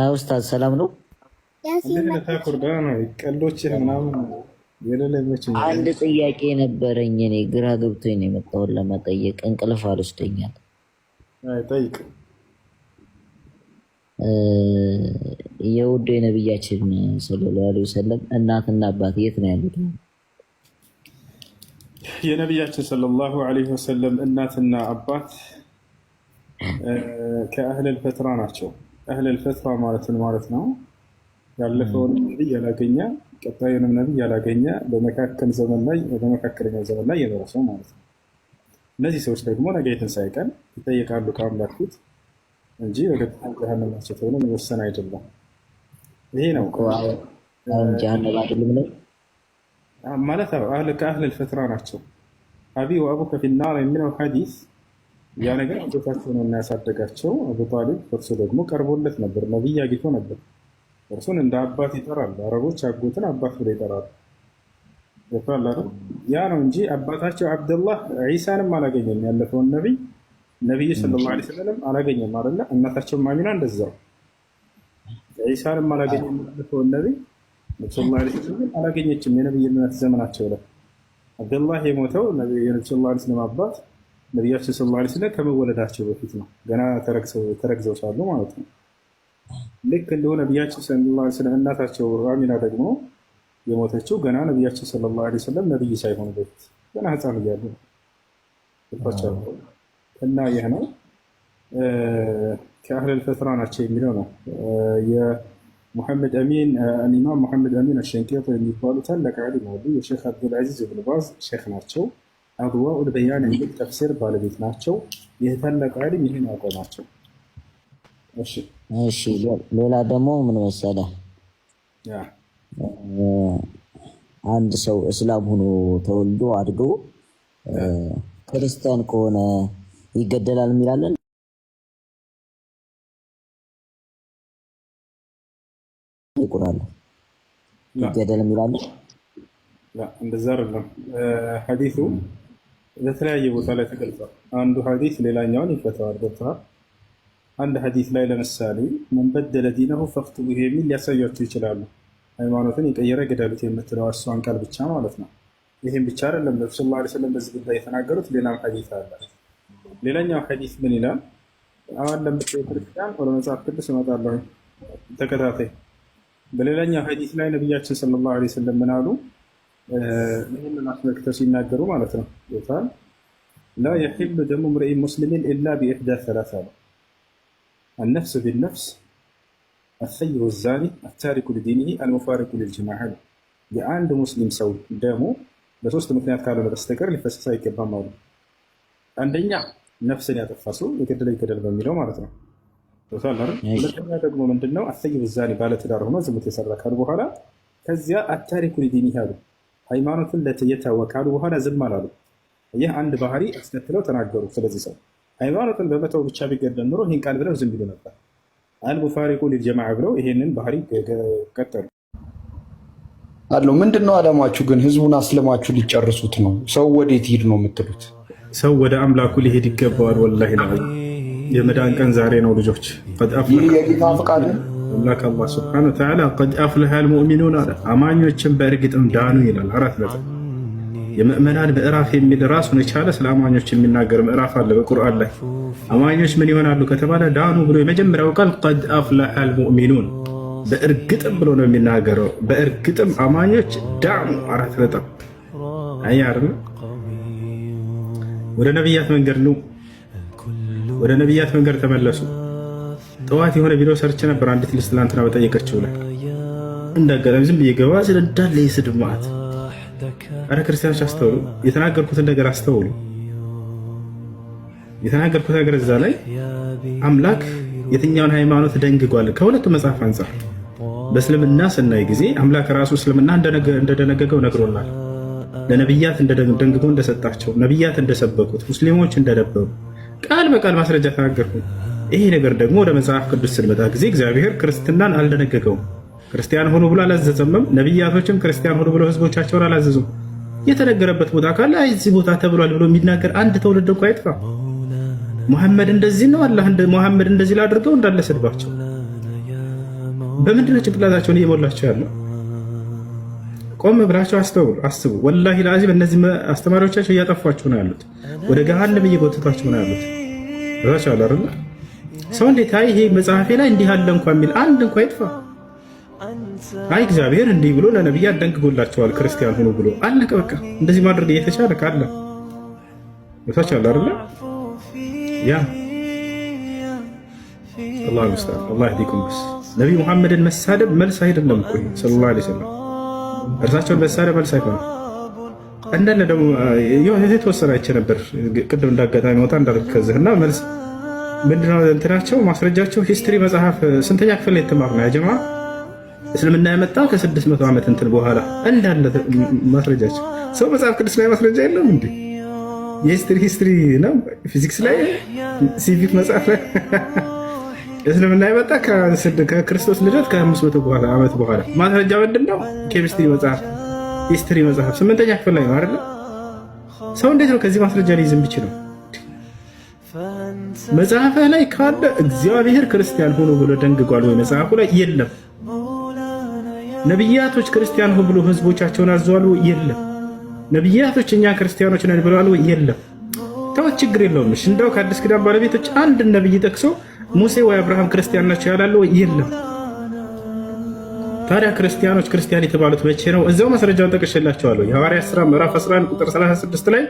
ኡስታዝ ሰላም ነው። አንድ ጥያቄ ነበረኝ። እኔ ግራ ገብቶኝ ነው የመጣሁት ለመጠየቅ። እንቅልፍ አልወስደኛል። የውድ የነብያችን ሰለላሁ ዐለይሂ ወሰለም እናትና አባት የት ነው ያሉት? የነቢያችን ሰለላሁ ዐለይሂ ወሰለም እናትና አባት ከአህለል ፈትራ ናቸው። አህለል ፈትዋ ማለትን ማለት ነው። ያለፈውን ነቢይ ያላገኘ ቀጣዩንም ነቢይ ያላገኘ በመካከል ዘመን ላይ በመካከለኛ ዘመን ላይ የደረሰ ማለት ነው። እነዚህ ሰዎች ደግሞ ነገ የትንሣኤ ቀን ይጠየቃሉ ከአምላክ ፊት እንጂ በቀጥታ ጀሃነም ናቸው ተብሎ የሚወሰን አይደለም። ይሄ ነው ማለት ከአህለል ፈትራ ናቸው አቢ ወአቡከ ፊናር የሚለው ሐዲስ ያ ነገር አጎታቸው ነው የሚያሳደጋቸው። አቡጣሊብ እርሱ ደግሞ ቀርቦለት ነበር፣ ነቢይ አግኝቶ ነበር። እርሱን እንደ አባት ይጠራል። አረቦች አጎትን አባት ብለው ይጠራሉ። ያ ነው እንጂ አባታቸው አብደላህ ዒሳንም አላገኘም። ያለፈውን ነቢይ ነቢይ ሰለላሁ ዐለይሂ ወሰለም አላገኘም አለ። እናታቸውም ማሚና እንደዛው ዒሳንም አላገኘም። ያለፈውን ነቢይ ሰለላሁ ዐለይሂ ወሰለም አላገኘችም። የነቢይነት ዘመናቸው ላይ አብደላህ የሞተው የነቢ ሰለላሁ ዐለይሂ ወሰለም አባት ነቢያችን ስለ ላ ስለ ከመወለዳቸው በፊት ነው። ገና ተረግዘው ሳሉ ማለት ነው። ልክ እንደሆነ ነቢያችን ስለ እናታቸው አሚና ደግሞ የሞተችው ገና ነቢያችን ስለ ላ ስለም ነቢይ ሳይሆኑ በፊት ገና ህፃን እያሉ ነው። እና ይህ ነው ከአህለል ፈትራ ናቸው የሚለው ነው። የሙሐመድ አሚን ኢማም ሙሐመድ አሚን አሸንቄጥ የሚባሉ ታላቅ ዓሊም አሉ። የሼክ አብዱልዓዚዝ ብን ባዝ ሼክ ናቸው። አግዋኡል በያን የሚል ተፍሲር ባለቤት ናቸው። ይህ ታላቅ ዓሊም ይህን አውቀ እሺ ሌላ ደግሞ ምን መሰለህ፣ አንድ ሰው እስላም ሆኖ ተወልዶ አድጎ ክርስቲያን ከሆነ ይገደላል የሚላለን ይቁራል ይገደል የሚላለን እንደዛ አይደለም ሀዲሱ በተለያየ ቦታ ላይ ተገልጿል። አንዱ ሀዲስ ሌላኛውን ይፈተዋል። ገብተሃል። አንድ ሀዲስ ላይ ለምሳሌ መንበደለ ዲነሁ ይሄ የሚል ሊያሳያቸው ይችላሉ። ሃይማኖትን የቀየረ ገደሉት የምትለው እርሷን ቃል ብቻ ማለት ነው። ይህም ብቻ አይደለም። ነብዩ ሰለላሁ ዐለይሂ በዚህ ጉዳይ የተናገሩት ሌላም ሀዲስ አለ። ሌላኛው ሀዲስ ምን ይላል? አሁን ለምትለው ክርስቲያን ወደ መጽሐፍ ቅዱስ እመጣለሁ። ተከታታይ። በሌላኛው ሀዲስ ላይ ነቢያችን ሰለላሁ ላ ስለም ምን አሉ? ይህንን አስመልክተው ሲናገሩ ማለት ነው ታ ላ የሒሉ ደሙ ምርኢን ሙስሊሚን ኢላ ቢኢሕዳ ሰላሳ ነው አነፍስ ቢነፍስ አሰይሩ ዛኒ አታሪኩ ሊዲኒሂ አልሙፋሪቁ ልልጅማዓ ነው። የአንድ ሙስሊም ሰው ደሙ በሶስት ምክንያት ካልሆነ በስተቀር ሊፈሰስ አይገባም አሉ። አንደኛ ነፍስን ያጠፋ ሰው የገደለ ይገደል በሚለው ማለት ነው። ሁለተኛ ደግሞ ምንድነው አሰይሩ ዛኒ ባለትዳር ሆኖ ዝሙት የሰራ ካሉ በኋላ ከዚያ አታሪኩ ሊዲኒሂ አሉ ሃይማኖትን ለየታወቃሉ በኋላ ዝም አላሉ። ይህ አንድ ባህሪ አስከትለው ተናገሩ። ስለዚህ ሰው ሃይማኖትን በመተው ብቻ ቢገደል ኑሮ ይህን ቃል ብለው ዝም ቢሉ ነበር። አልሙፋሪቁ ሊልጀማዓ ብለው ይሄንን ባህሪ ቀጠሉ። አለው ምንድን ነው አላማችሁ? ግን ህዝቡን አስለማችሁ ሊጨርሱት ነው። ሰው ወዴት ሂድ ነው የምትሉት? ሰው ወደ አምላኩ ሊሄድ ይገባዋል። ወላሂ የመዳን ቀን ዛሬ ነው ልጆች። ይህ የጌታ ፈቃድ አምላክ አላ ስብሐነ ወተዓላ ቀድ አፍለሐ አልሙእሚኑን አለ። አማኞችን በእርግጥም ዳኑ ይላል። አራት ነጥብ የምእመናን ምዕራፍ የሚል ራሱን የቻለ ስለ አማኞች የሚናገር ምዕራፍ አለ በቁርአን ላይ። አማኞች ምን ይሆናሉ ከተባለ ዳኑ ብሎ የመጀመሪያው ቃል ቀድ አፍለሐ አልሙእሚኑን በእርግጥም ብሎ ነው የሚናገረው። በእርግጥም አማኞች ዳኑ አራት ነጥብ አያር ወደ ነቢያት መንገድ ነው። ወደ ነቢያት መንገድ ተመለሱ። ጠዋት የሆነ ቪዲዮ ሰርች ነበር። አንዲት ልጅ ትላንትና በጠየቀችው ላይ እንዳጋጣሚ ዝም ብዬ ገባ ስል የስድብ አረ ክርስቲያኖች አስተውሉ፣ የተናገርኩትን ነገር አስተውሉ። የተናገርኩት ነገር እዛ ላይ አምላክ የትኛውን ሃይማኖት ደንግጓል? ከሁለቱ መጽሐፍ አንጻር በእስልምና ስናይ ጊዜ አምላክ ራሱ እስልምና እንደደነገገው ነግሮናል። ለነቢያት እንደደንግጎ እንደሰጣቸው ነቢያት እንደሰበኩት ሙስሊሞች እንደደበሩ ቃል በቃል ማስረጃ ተናገርኩ። ይሄ ነገር ደግሞ ወደ መጽሐፍ ቅዱስ ስንመጣ ጊዜ እግዚአብሔር ክርስትናን አልደነገገውም። ክርስቲያን ሆኑ ብሎ አላዘዘምም። ነቢያቶችም ክርስቲያን ሆኑ ብሎ ህዝቦቻቸውን አላዘዙም። የተነገረበት ቦታ ካለ እዚህ ቦታ ተብሏል ብሎ የሚናገር አንድ ተውልድ እንኳ አይጥፋ። ሙሐመድ እንደዚህ ነው አላህ ሙሐመድ እንደዚህ ላድርገው እንዳለ ስድባቸው በምንድነው ጭንቅላታቸውን እየሞላቸው ያለው? ቆም ብላቸው አስተውሉ፣ አስቡ። ወላሂ ለአዚም በእነዚህ አስተማሪዎቻቸው እያጠፏቸው ነው ያሉት፣ ወደ ገሃነም እየጎተቷቸው ነው ያሉት። ራቸው አላርላ ሰው እንዴት አይ ይሄ መጽሐፌ ላይ እንዲህ አለ እንኳ የሚል አንድ እንኳ ይጥፋ። አይ እግዚአብሔር እንዲህ ብሎ ለነቢይ አደንግጎላቸዋል ክርስቲያን ሆኖ ብሎ አለቀ። በቃ እንደዚህ ማድረግ እየተቻለ ካለ ወታች አለ አይደለ? ያ አላህ ይስተር አላህ ይዲኩም ብስ ነቢይ ሙሐመድን መሳደብ መልስ አይደለም እኮ ሰለላሁ ዐለይሂ ወሰለም እርሳቸውን መሳደብ መልስ አይሆንም። እንደነ ደግሞ የተወሰነ አይቼ ነበር ቅድም እንዳጋጣሚ ወጣ እንዳልከዝህና መልስ ምንድነው እንትናቸው ማስረጃቸው ሂስትሪ መጽሐፍ ስንተኛ ክፍል ላይ የተማር ነው ያጀማ እስልምና የመጣ ከ600 ዓመት እንትን በኋላ እንዳለ ማስረጃቸው ሰው መጽሐፍ ቅዱስ ላይ ማስረጃ የለም እንዴ የሂስትሪ ሂስትሪ ነው ፊዚክስ ላይ ሲቪክ መጽሐፍ ላይ እስልምና የመጣ ከክርስቶስ ልደት ከ500 በኋላ ዓመት በኋላ ማስረጃ ምንድነው ኬሚስትሪ መጽሐፍ ሂስትሪ መጽሐፍ ስምንተኛ ክፍል ላይ ነው አይደለ ሰው እንዴት ነው ከዚህ ማስረጃ ላይ ሊይዝ የሚችለው መጽሐፈ ላይ ካለ እግዚአብሔር ክርስቲያን ሆኖ ብሎ ደንግጓል ወይ? መጽሐፉ ላይ የለም። ነቢያቶች ክርስቲያን ሆኖ ብሎ ህዝቦቻቸውን አዘዋል ወይ? የለም። ነቢያቶች እኛ ክርስቲያኖች ነን ብለዋል ወይ? የለም። ተወት፣ ችግር የለውም። እንደው ከአዲስ ኪዳን ባለቤቶች አንድ ነብይ ጠቅሶ ሙሴ ወይ አብርሃም ክርስቲያን ናቸው ያላለ ወይ? የለም። ታዲያ ክርስቲያኖች ክርስቲያን የተባሉት መቼ ነው? እዚያው ማስረጃውን ጠቅሼላቸዋለሁ። የሐዋርያት ሥራ ምዕራፍ 11 ቁጥር 36 ላይ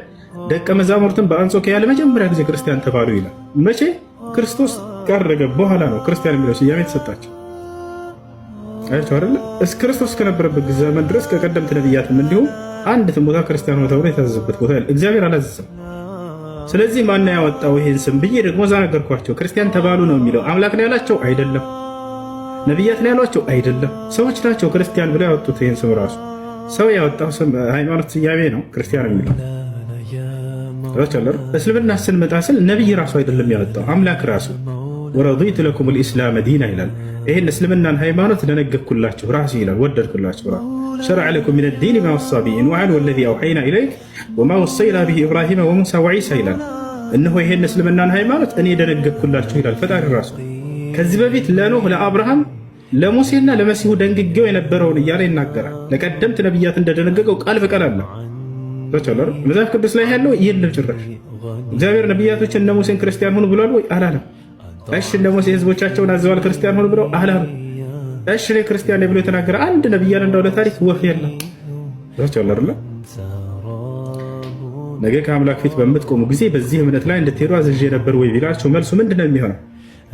ደቀ መዛሙርትን በአንጾኪያ ለመጀመሪያ ጊዜ ክርስቲያን ተባሉ ይላል። መቼ? ክርስቶስ ካረገ በኋላ ነው ክርስቲያን የሚለው ስያሜ የተሰጣቸው። አያቸው አይደለ? እስከ ክርስቶስ ከነበረበት ዘመን ድረስ ከቀደምት ነቢያትም እንዲሁም አንድ ቦታ ክርስቲያን ነው ተብሎ የታዘዘበት ቦታ እግዚአብሔር አላዘዘም። ስለዚህ ማን ያወጣው ይህን ስም ብዬ ደግሞ እዛ ነገርኳቸው። ክርስቲያን ተባሉ ነው የሚለው አምላክ ነው ያላቸው አይደለም ነቢያት ነው ያሏቸው አይደለም፣ ሰዎች ናቸው ክርስቲያን ብለው ያወጡት። ይህን ስም ራሱ ሰው ያወጣው ስም ሃይማኖት ስያሜ ነው ክርስቲያን የሚለው እስልምና ስንመጣ ስል ነቢይ ራሱ አይደለም ያወጣው አምላክ ራሱ ወረዲቱ ለኩም ልኢስላም ዲና ይላል። ይህን እስልምናን ሃይማኖት ደነገግኩላችሁ ራሱ ይላል ወደድኩላችሁ ራ ሸርዐ ለኩም ምን ዲን ማ ወሳ ቢሂ ኑሐን ወለዚ አውሐይና ኢለይክ ወማ ወሰይና ቢሂ ኢብራሂም ወሙሳ ወዒሳ ይላል። እነሆ ይህን እስልምናን ሃይማኖት እኔ ደነገግኩላችሁ ይላል ፈጣሪ ራሱ ከዚህ በፊት ለኖህ ለአብርሃም ለሙሴና ለመሲሁ ደንግገው የነበረውን እያለ ይናገራል። ለቀደምት ነቢያት እንደደነገገው ቃል በቃል አለ። መጽሐፍ ቅዱስ ላይ ያለው የለም። ጭራሽ እግዚአብሔር ነቢያቶች እነ ሙሴን ክርስቲያን ሆኑ ብሏል ወይ አላለም? እሺ እነ ሙሴ ህዝቦቻቸውን አዘዋል ክርስቲያን ሆኑ ብለው አላለም። እሺ እኔ ክርስቲያን ብሎ የተናገረ አንድ ነቢያን እንዳው ለታሪክ ወፍ የለም። ነገ ከአምላክ ፊት በምትቆሙ ጊዜ በዚህ እምነት ላይ እንድትሄዱ አዝዤ ነበር ወይ ቢላቸው መልሱ ምንድን ነው የሚሆነው?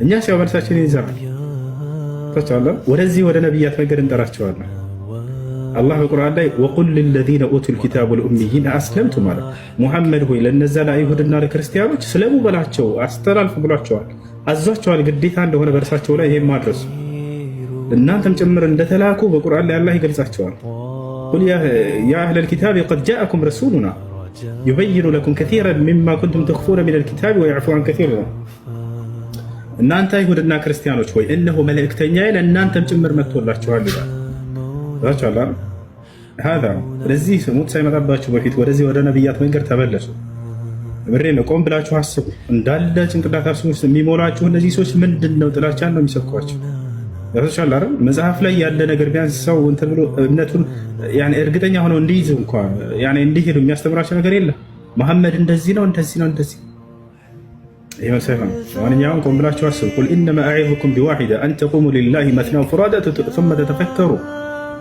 እኛ ሲያው መልሳችን ይዘናል። ተቻለ ወደዚህ ወደ ነቢያት መንገድ እንጠራቸዋለን። አላህ በቁርአን ላይ ወቁል ለለዚነ ኡቱል ኪታብ ወልኡሚይን አስለምቱ ማለት ሙሐመድ ሆይ ለነዛ ለአይሁድና ለክርስቲያኖች ስለሙ በላቸው አስተላልፍ ብሏቸዋል፣ አዟቸዋል። ግዴታ እንደሆነ በእርሳቸው ላይ ይሄም ማድረሱ እናንተም ጭምር እንደተላኩ በቁርአን ላይ አላህ ይገልጻቸዋል። ቁል ያ አህለል ኪታብ ቀድ ጃአኩም ረሱሉና ዩበይኑ ለኩም ከሲረን ሚማ ኩንቱም ተኽፉነ ሚነል ኪታብ ወየዕፉ አን ከሲር ነው እናንተ አይሁድና ክርስቲያኖች ሆይ እነሆ መልእክተኛዬ ለእናንተም ጭምር መጥቶላችኋል ይላል። ዛችኋላ ሀዛ ነው። ሙት ሳይመጣባችሁ በፊት ወደዚህ ወደ ነቢያት መንገድ ተመለሱ። ምሬ ነው። ቆም ብላችሁ አስቡ። እንዳለ ጭንቅላታችሁ ውስጥ የሚሞላችሁ እነዚህ ሰዎች ምንድን ነው ጥላቻን ነው የሚሰብኳቸው። ያቶቻል መጽሐፍ ላይ ያለ ነገር ቢያንስ ሰው እንትን ብሎ እምነቱን እርግጠኛ ሆነው እንዲይዝ እንኳ እንዲሄዱ የሚያስተምራቸው ነገር የለም። መሐመድ እንደዚህ ነው እንደዚህ ነው እንደዚህ ማንኛውም ቆም ብላችሁ አስብ ቁል ኢነማ አዒዙኩም ቢዋሒዳ አን ተቁሙ ሊላሂ መስና ፍራዳ ሱመ ተተፈከሩ።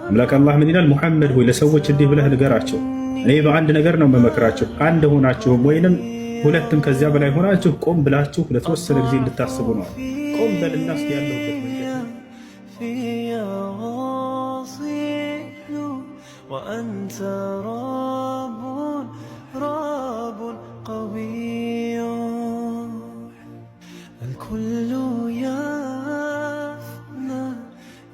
አምላክ አላህ ምን ይላል? ሙሐመድ ሆይ ለሰዎች እንዲህ ብለህ ንገራቸው፣ እኔ በአንድ ነገር ነው መመክራቸው። አንድ ሆናችሁም ወይንም ሁለትም ከዚያ በላይ ሆናችሁ ቆም ብላችሁ ለተወሰነ ጊዜ እንድታስቡ ነው። ቆም በልና እስኪ ያለሁበት መንገድ كل يفنى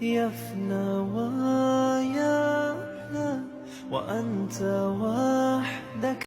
يفنى ويفنى وأنت